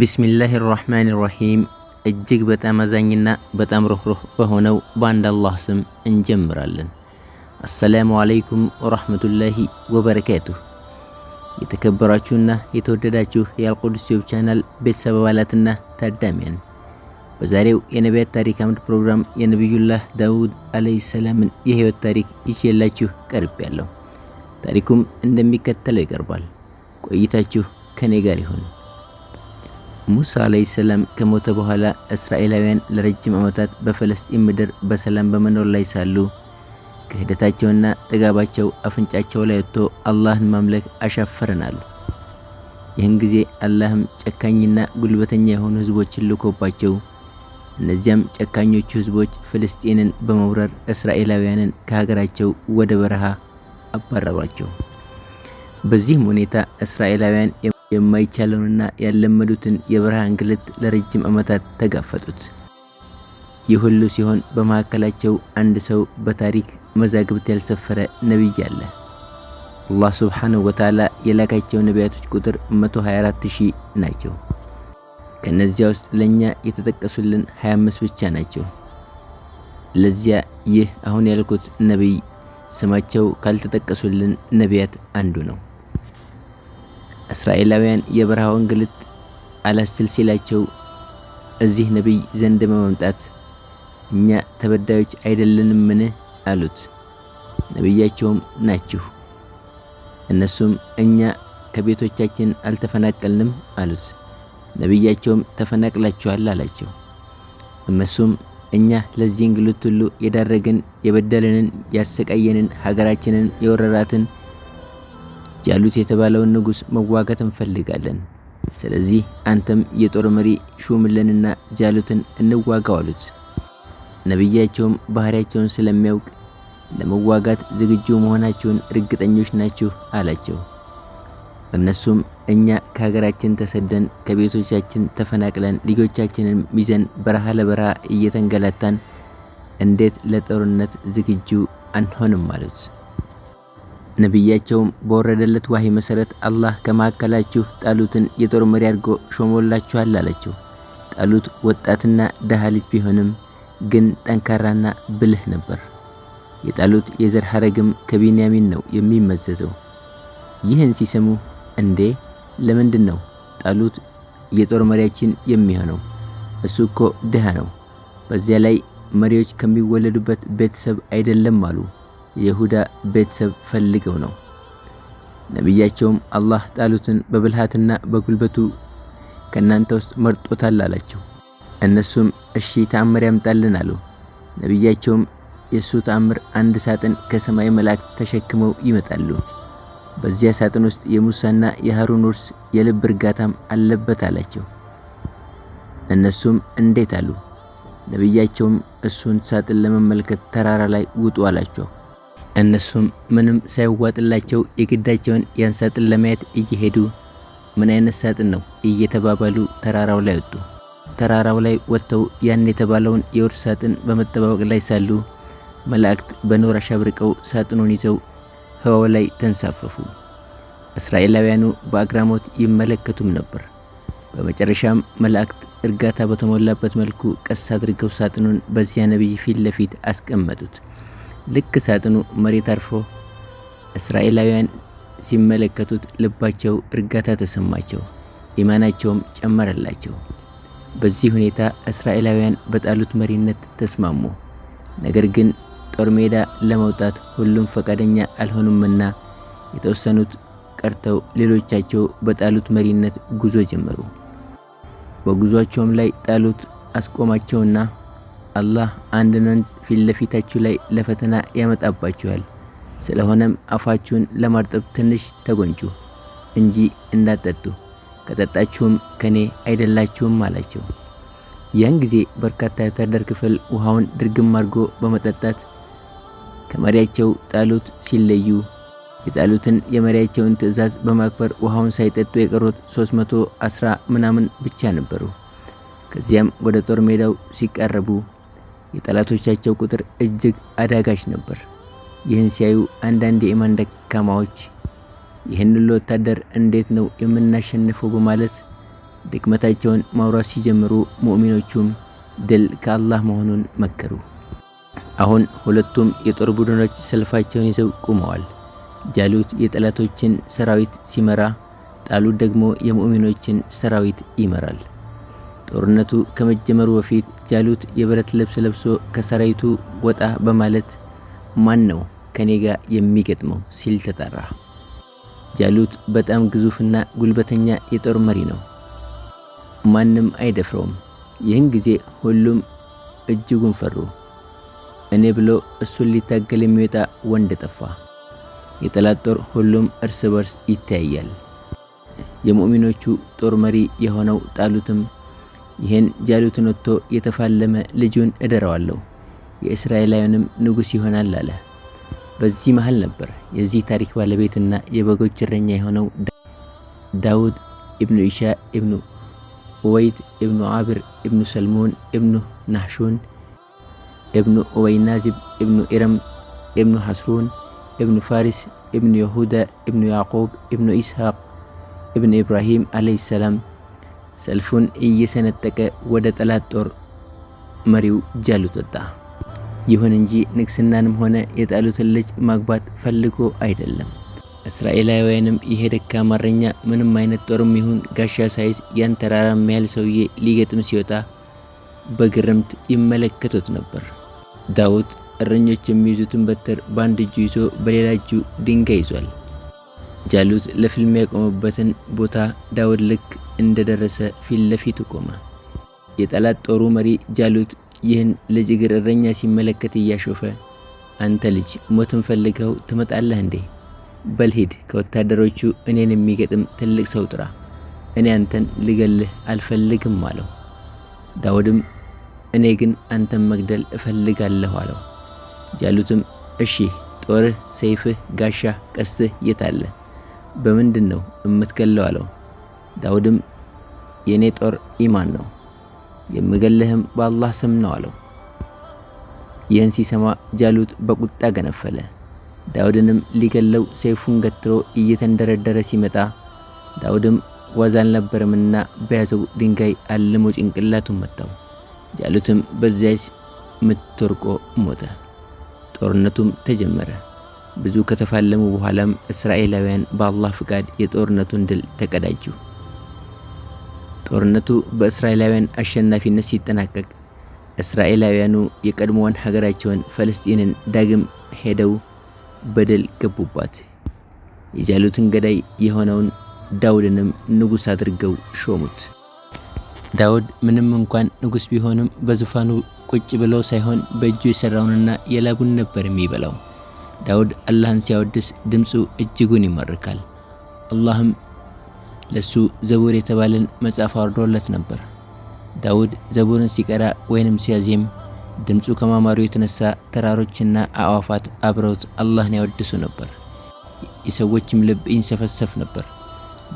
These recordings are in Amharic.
ቢስሚላህ ራህማን ራሂም እጅግ በጣም አዛኝና በጣም ሩህሩህ በሆነው በአንድ አላህ ስም እንጀምራለን። አሰላሙ አለይኩም ወራህመቱላሂ ወበረካቱሁ። የተከበራችሁና የተወደዳችሁ የአልቁድስ ዩቲዩብ ቻናል ቤተሰብ አባላትና ታዳሚያን በዛሬው የነቢያት ታሪክ አምድ ፕሮግራም የነቢዩላህ ዳውድ አለይሂ ሰላምን የህይወት ታሪክ ይዤላችሁ ያለው ታሪኩም እንደሚከተለው ይቀርባል። ቆይታችሁ ከኔ ጋር ይሁን። ሙሳ አለይሂ ሰላም ከሞተ በኋላ እስራኤላውያን ለረጅም ዓመታት በፈለስጢን ምድር በሰላም በመኖር ላይ ሳሉ ክህደታቸውና ጥጋባቸው አፍንጫቸው ላይ ወጥቶ አላህን ማምለክ አሻፈረን ይህን ጊዜ አላህም ጨካኝና ጉልበተኛ የሆኑ ህዝቦችን ልኮባቸው እነዚያም ጨካኞቹ ህዝቦች ፍልስጤንን በመውረር እስራኤላውያንን ከሀገራቸው ወደ በረሃ አባረሯቸው። በዚህም ሁኔታ እስራኤላውያን የማይቻለውንና ያለመዱትን የብርሃን ግለት ለረጅም ዓመታት ተጋፈጡት። ይህ ሁሉ ሲሆን በመካከላቸው አንድ ሰው በታሪክ መዛግብት ያልሰፈረ ነቢይ አለ። አላህ ሱብሓነሁ ወተዓላ የላካቸው ነቢያቶች ቁጥር 124 ሺህ ናቸው። ከነዚያ ውስጥ ለእኛ የተጠቀሱልን 25 ብቻ ናቸው። ለዚያ ይህ አሁን ያልኩት ነቢይ ስማቸው ካልተጠቀሱልን ነቢያት አንዱ ነው። እስራኤላውያን የበረሃው እንግልት አላስችል ሲላቸው እዚህ ነቢይ ዘንድ በመምጣት እኛ ተበዳዮች አይደለንምን አሉት። ነቢያቸውም ናችሁ። እነሱም እኛ ከቤቶቻችን አልተፈናቀልንም አሉት። ነቢያቸውም ተፈናቅላችኋል አላቸው። እነሱም እኛ ለዚህ እንግልት ሁሉ የዳረገን የበደለንን ያሰቃየንን ሀገራችንን የወረራትን ጃሉት የተባለውን ንጉስ መዋጋት እንፈልጋለን። ስለዚህ አንተም የጦር መሪ ሹምልንና ጃሉትን እንዋጋው አሉት። ነቢያቸውም ባህሪያቸውን ስለሚያውቅ ለመዋጋት ዝግጁ መሆናቸውን እርግጠኞች ናችሁ አላቸው። እነሱም እኛ ከሀገራችን ተሰደን ከቤቶቻችን ተፈናቅለን ልጆቻችንን ይዘን በረሃ ለበረሃ እየተንገላታን እንዴት ለጦርነት ዝግጁ አንሆንም? አሉት። ነቢያቸውም በወረደለት ዋሂ መሠረት አላህ ከመካከላችሁ ጣሉትን የጦር መሪ አድርጎ ሾሞላችኋል አላቸው። ጣሉት ወጣትና ደሃ ልጅ ቢሆንም ግን ጠንካራና ብልህ ነበር። የጣሉት የዘር ሐረግም ከቢንያሚን ነው የሚመዘዘው። ይህን ሲሰሙ እንዴ ለምንድን ነው ጣሉት የጦር መሪያችን የሚሆነው? እሱ እኮ ድሃ ነው። በዚያ ላይ መሪዎች ከሚወለዱበት ቤተሰብ አይደለም አሉ። የይሁዳ ቤተሰብ ፈልገው ነው። ነቢያቸውም አላህ ጣሉትን በብልሃትና በጉልበቱ ከእናንተ ውስጥ መርጦታል አላቸው። እነሱም እሺ ተአምር ያምጣልን አሉ። ነቢያቸውም የእሱ ተአምር አንድ ሳጥን ከሰማይ መላእክት ተሸክመው ይመጣሉ። በዚያ ሳጥን ውስጥ የሙሳና የሃሩን ውርስ የልብ እርጋታም አለበት አላቸው። እነሱም እንዴት አሉ። ነቢያቸውም እሱን ሳጥን ለመመልከት ተራራ ላይ ውጡ አላቸው። እነሱም ምንም ሳይዋጥላቸው የግዳቸውን ያን ሳጥን ለማየት እየሄዱ ምን አይነት ሳጥን ነው እየተባባሉ ተራራው ላይ ወጡ። ተራራው ላይ ወጥተው ያን የተባለውን የውርስ ሳጥን በመጠባበቅ ላይ ሳሉ መላእክት በኖር አሸብርቀው ሳጥኑን ይዘው ህዋው ላይ ተንሳፈፉ። እስራኤላውያኑ በአግራሞት ይመለከቱም ነበር። በመጨረሻም መላእክት እርጋታ በተሞላበት መልኩ ቀስ አድርገው ሳጥኑን በዚያ ነቢይ ፊት ለፊት አስቀመጡት። ልክ ሳጥኑ መሬት አርፎ እስራኤላውያን ሲመለከቱት ልባቸው እርጋታ ተሰማቸው፣ ኢማናቸውም ጨመረላቸው። በዚህ ሁኔታ እስራኤላውያን በጣሉት መሪነት ተስማሙ። ነገር ግን ጦር ሜዳ ለመውጣት ሁሉም ፈቃደኛ አልሆኑምና የተወሰኑት ቀርተው ሌሎቻቸው በጣሉት መሪነት ጉዞ ጀመሩ። በጉዟቸውም ላይ ጣሉት አስቆማቸውና አላህ አንድን ወንዝ ፊት ለፊታችሁ ላይ ለፈተና ያመጣባችኋል። ስለሆነም አፋችሁን ለማርጠብ ትንሽ ተጎንጩ እንጂ እንዳትጠጡ፣ ከጠጣችሁም ከኔ አይደላችሁም አላቸው። ያን ጊዜ በርካታ የወታደር ክፍል ውሃውን ድርግም አድርጎ በመጠጣት ከመሪያቸው ጣሉት። ሲለዩ የጣሉትን የመሪያቸውን ትዕዛዝ በማክበር ውሃውን ሳይጠጡ የቀሩት 310 ምናምን ብቻ ነበሩ። ከዚያም ወደ ጦር ሜዳው ሲቃረቡ የጠላቶቻቸው ቁጥር እጅግ አዳጋች ነበር። ይህን ሲያዩ አንዳንድ የኢማን ደካማዎች ይህን ወታደር እንዴት ነው የምናሸንፈው በማለት ድክመታቸውን ማውራት ሲጀምሩ፣ ሙእሚኖቹም ድል ከአላህ መሆኑን መከሩ። አሁን ሁለቱም የጦር ቡድኖች ሰልፋቸውን ይዘው ቆመዋል። ጃሉት የጠላቶችን ሰራዊት ሲመራ፣ ጣሉት ደግሞ የሙእሚኖችን ሰራዊት ይመራል። ጦርነቱ ከመጀመሩ በፊት ጃሉት የብረት ልብስ ለብሶ ከሰራዊቱ ወጣ በማለት ማን ነው ከኔ ጋር የሚገጥመው ሲል ተጠራ። ጃሉት በጣም ግዙፍና ጉልበተኛ የጦር መሪ ነው። ማንም አይደፍረውም። ይህን ጊዜ ሁሉም እጅጉን ፈሩ። እኔ ብሎ እሱን ሊታገል የሚወጣ ወንድ ጠፋ። የጠላት ጦር ሁሉም እርስ በርስ ይተያያል። የሙእሚኖቹ ጦር መሪ የሆነው ጣሉትም ይህን ጃሉትን ወጥቶ የተፋለመ ልጁን እደረዋለሁ፣ የእስራኤላዊንም ንጉሥ ይሆናል አለ። በዚህ መሃል ነበር የዚህ ታሪክ ባለቤትና የበጎች እረኛ የሆነው ዳውድ ኢብኑ ኢሻ ኢብኑ ወይድ ኢብኑ አብር ኢብኑ ሰልሞን እብኑ ናሹን እብኑ ወይናዚብ ኢብኑ ኢረም ኢብኑ ሐስሩን ኢብኑ ፋሪስ ኢብኑ የሁዳ ኢብኑ ያዕቁብ እብኑ ኢስሐቅ ኢብኑ ኢብራሂም ዓለይሂ ሰላም ሰልፉን እየሰነጠቀ ወደ ጠላት ጦር መሪው ጃሉት ወጣ። ይሁን እንጂ ንግስናንም ሆነ የጣሉትን ልጅ ማግባት ፈልጎ አይደለም። እስራኤላውያንም ይሄ ደካማ እረኛ ምንም አይነት ጦርም ይሁን ጋሻ ሳይዝ ያን ተራራ የሚያህል ሰውዬ ሊገጥም ሲወጣ በግርምት ይመለከቱት ነበር። ዳውት እረኞች የሚይዙትን በትር በአንድ እጁ ይዞ በሌላ እጁ ድንጋይ ይዟል። ጃሉት ለፊልም ያቆመበትን ቦታ ዳዊት ልክ እንደደረሰ ፊት ለፊት ቆመ። የጠላት ጦሩ መሪ ጃሉት ይህን ልጅ እግር እረኛ ሲመለከት እያሾፈ አንተ ልጅ ሞትን ፈልገው ትመጣለህ እንዴ? በልሂድ ከወታደሮቹ እኔን የሚገጥም ትልቅ ሰው ጥራ፣ እኔ አንተን ልገልህ አልፈልግም አለው። ዳውድም እኔ ግን አንተን መግደል እፈልጋለሁ አለው። ጃሉትም እሺ ጦርህ፣ ሰይፍህ፣ ጋሻ፣ ቀስትህ የት አለ? በምንድን ነው እምትገለው አለው። ዳውድም የእኔ ጦር ኢማን ነው፣ የምገልህም በአላህ ስም ነው አለው። ይህን ሲሰማ ጃሉት በቁጣ ገነፈለ። ዳውድንም ሊገለው ሰይፉን ገትሮ እየተንደረደረ ሲመጣ ዳውድም ዋዛ አልነበረምና በያዘው ድንጋይ አልሞ ጭንቅላቱን መታው። ጃሉትም በዚያች ምት ሞተ። ጦርነቱም ተጀመረ። ብዙ ከተፋለሙ በኋላም እስራኤላውያን በአላህ ፍቃድ የጦርነቱን ድል ተቀዳጁ። ጦርነቱ በእስራኤላውያን አሸናፊነት ሲጠናቀቅ እስራኤላውያኑ የቀድሞዋን ሀገራቸውን ፈለስጢንን ዳግም ሄደው በደል ገቡባት። የጃሉትን ገዳይ የሆነውን ዳውድንም ንጉሥ አድርገው ሾሙት። ዳውድ ምንም እንኳን ንጉሥ ቢሆንም በዙፋኑ ቁጭ ብሎ ሳይሆን በእጁ የሠራውንና የላቡን ነበር የሚበላው። ዳውድ አላህን ሲያወድስ ድምፁ እጅጉን ይማርካል። አላህም ለሱ ዘቡር የተባለን መጽሐፍ አውርዶለት ነበር። ዳውድ ዘቡርን ሲቀራ ወይንም ሲያዜም ድምፁ ከማማሩ የተነሳ ተራሮችና አዕዋፋት አብረውት አላህን ያወድሱ ነበር። የሰዎችም ልብ ይንሰፈሰፍ ነበር።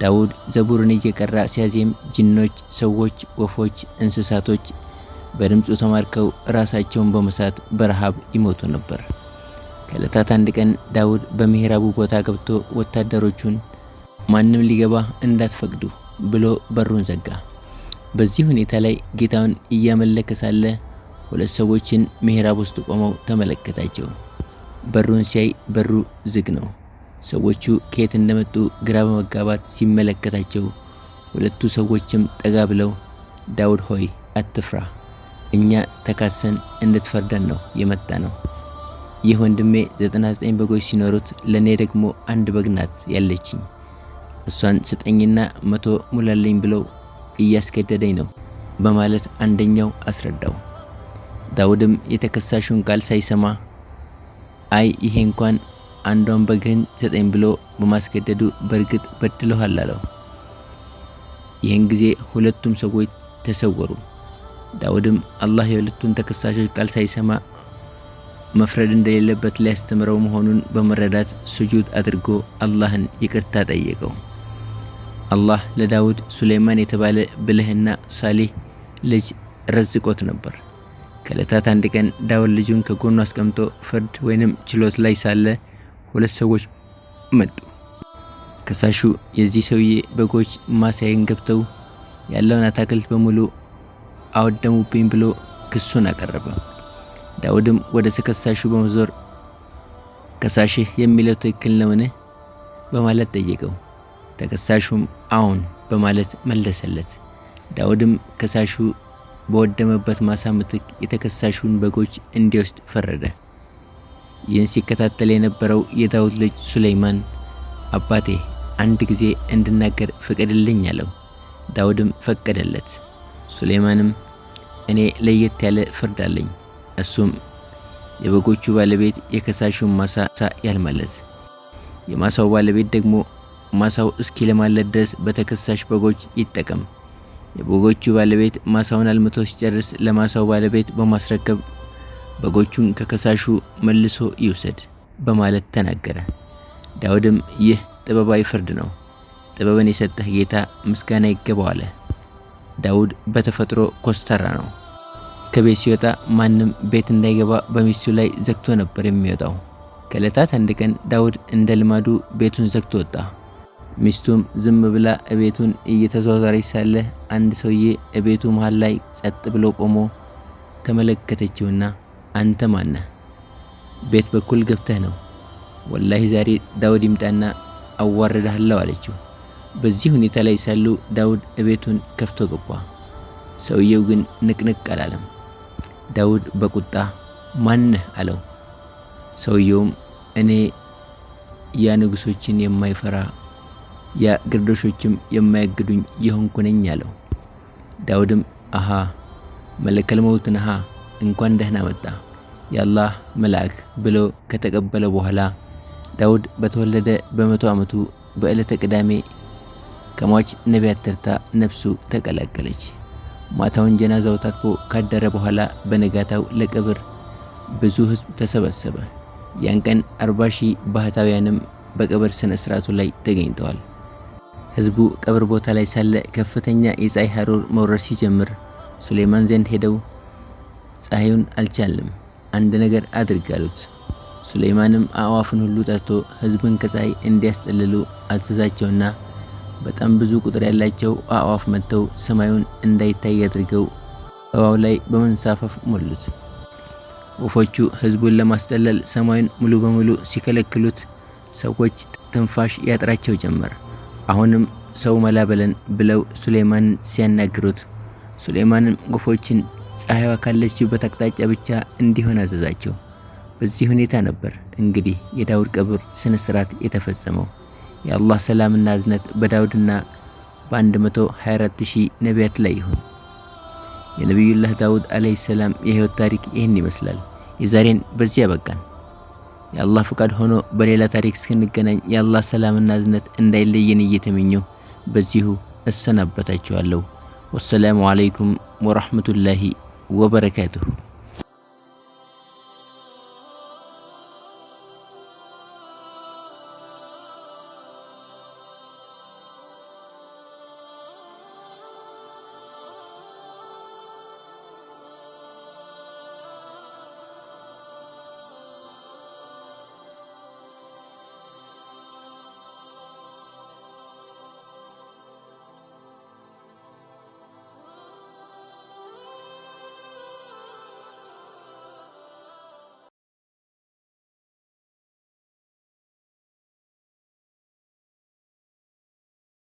ዳውድ ዘቡርን እየቀራ ሲያዜም ጅኖች፣ ሰዎች፣ ወፎች፣ እንስሳቶች በድምፁ ተማርከው ራሳቸውን በመሳት በረሃብ ይሞቱ ነበር። ከዕለታት አንድ ቀን ዳውድ በምሕራቡ ቦታ ገብቶ ወታደሮቹን ማንም ሊገባ እንዳትፈቅዱ ብሎ በሩን ዘጋ። በዚህ ሁኔታ ላይ ጌታውን እያመለከ ሳለ ሁለት ሰዎችን ምሄራብ ውስጥ ቆመው ተመለከታቸው። በሩን ሲያይ በሩ ዝግ ነው። ሰዎቹ ከየት እንደመጡ ግራ በመጋባት ሲመለከታቸው ሁለቱ ሰዎችም ጠጋ ብለው ዳውድ ሆይ አትፍራ፣ እኛ ተካሰን እንድትፈርደን ነው የመጣ ነው። ይህ ወንድሜ 99 በጎች ሲኖሩት ለእኔ ደግሞ አንድ በግ ናት ያለችኝ እሷን ስጠኝና መቶ ሙላለኝ ብለው እያስገደደኝ ነው በማለት አንደኛው አስረዳው። ዳውድም የተከሳሹን ቃል ሳይሰማ አይ ይሄ እንኳን አንዷን በግህን ስጠኝ ብሎ በማስገደዱ በእርግጥ በድለዋል አለው። ይህን ጊዜ ሁለቱም ሰዎች ተሰወሩ። ዳውድም አላህ የሁለቱን ተከሳሾች ቃል ሳይሰማ መፍረድ እንደሌለበት ሊያስተምረው መሆኑን በመረዳት ስጁድ አድርጎ አላህን ይቅርታ ጠየቀው። አላህ ለዳውድ ሱሌይማን የተባለ ብልህና ሳሌህ ልጅ ረዝቆት ነበር። ከእለታት አንድ ቀን ዳውድ ልጁን ከጎኑ አስቀምጦ ፍርድ ወይንም ችሎት ላይ ሳለ ሁለት ሰዎች መጡ። ከሳሹ የዚህ ሰውዬ በጎች ማሳይን ገብተው ያለውን አታክልት በሙሉ አወደሙብኝ ብሎ ክሱን አቀረበ። ዳውድም ወደ ተከሳሹ በመዞር ከሳሽህ የሚለው ትክክል ነውን? በማለት ጠየቀው። ተከሳሹም አዎን በማለት መለሰለት። ዳውድም ከሳሹ በወደመበት ማሳ ምትክ የተከሳሹን በጎች እንዲወስድ ፈረደ። ይህን ሲከታተል የነበረው የዳውድ ልጅ ሱለይማን አባቴ አንድ ጊዜ እንድናገር ፍቅድልኝ አለው። ዳውድም ፈቀደለት። ሱሌይማንም እኔ ለየት ያለ ፍርድ አለኝ፣ እሱም የበጎቹ ባለቤት የከሳሹን ማሳ ያልማለት፣ የማሳው ባለቤት ደግሞ ማሳው እስኪ ለማለት ድረስ በተከሳሽ በጎች ይጠቀም። የበጎቹ ባለቤት ማሳውን አልምቶ ሲጨርስ ለማሳው ባለቤት በማስረከብ በጎቹን ከከሳሹ መልሶ ይውሰድ በማለት ተናገረ። ዳውድም ይህ ጥበባዊ ፍርድ ነው፣ ጥበብን የሰጠህ ጌታ ምስጋና ይገባው አለ። ዳውድ በተፈጥሮ ኮስተራ ነው። ከቤት ሲወጣ ማንም ቤት እንዳይገባ በሚስቱ ላይ ዘግቶ ነበር የሚወጣው። ከዕለታት አንድ ቀን ዳውድ እንደ ልማዱ ቤቱን ዘግቶ ወጣ። ሚስቱም ዝም ብላ እቤቱን እየተዟዟረች ሳለ አንድ ሰውዬ እቤቱ መሃል ላይ ጸጥ ብሎ ቆሞ ተመለከተችውና አንተ ማነህ? ቤት በኩል ገብተህ ነው? ወላሂ ዛሬ ዳውድ ይምጣና አዋርዳሃለሁ አለችው። በዚህ ሁኔታ ላይ ሳሉ ዳውድ እቤቱን ከፍቶ ገባ። ሰውየው ግን ንቅንቅ አላለም። ዳውድ በቁጣ ማነህ አለው። ሰውየውም እኔ ያ ንጉሶችን የማይፈራ የግርዶሾችም የማያግዱኝ የሆንኩ ነኝ አለው። ዳውድም አሃ መለከል መውትን አሃ እንኳን ደህና መጣ የአላህ መልአክ ብሎ ከተቀበለ በኋላ ዳውድ በተወለደ በመቶ ዓመቱ በዕለተ ቅዳሜ ከሟች ነቢያት ተርታ ነፍሱ ተቀላቀለች። ማታውን ጀናዛው ታጥቦ ካደረ በኋላ በነጋታው ለቀብር ብዙ ሕዝብ ተሰበሰበ። ያን ቀን አርባ ሺህ ባህታውያንም በቀብር ስነ ስርዓቱ ላይ ተገኝተዋል። ህዝቡ ቀብር ቦታ ላይ ሳለ ከፍተኛ የፀሐይ ሐሩር መውረድ ሲጀምር ሱሌማን ዘንድ ሄደው ፀሐዩን አልቻለም፣ አንድ ነገር አድርግ አሉት። ሱሌማንም አዕዋፍን ሁሉ ጠርቶ ህዝብን ከፀሐይ እንዲያስጠልሉ አዘዛቸውና በጣም ብዙ ቁጥር ያላቸው አዕዋፍ መጥተው ሰማዩን እንዳይታይ አድርገው እባው ላይ በመንሳፈፍ ሞሉት። ወፎቹ ህዝቡን ለማስጠለል ሰማዩን ሙሉ በሙሉ ሲከለክሉት ሰዎች ትንፋሽ ያጥራቸው ጀመር። አሁንም ሰው መላ በለን ብለው ሱሌማንን ሲያናግሩት ሱሌማንም ወፎችን ፀሐይዋ ካለችበት አቅጣጫ ብቻ እንዲሆን አዘዛቸው። በዚህ ሁኔታ ነበር እንግዲህ የዳውድ ቀብር ስነ ስርዓት የተፈጸመው። የአላህ ሰላምና እዝነት በዳውድና በ 124000 ነቢያት ላይ ይሁን። የነቢዩላህ ዳውድ አለይሂ ሰላም የህይወት ታሪክ ይህን ይመስላል። የዛሬን በዚህ ያበቃን። የአላህ ፈቃድ ሆኖ በሌላ ታሪክ እስክንገናኝ የአላህ ሰላምና እዝነት እንዳይለየን እየተመኘው በዚሁ እሰናበታችኋለሁ። ወሰላሙ አለይኩም ወራህመቱላሂ ወበረካቱሁ።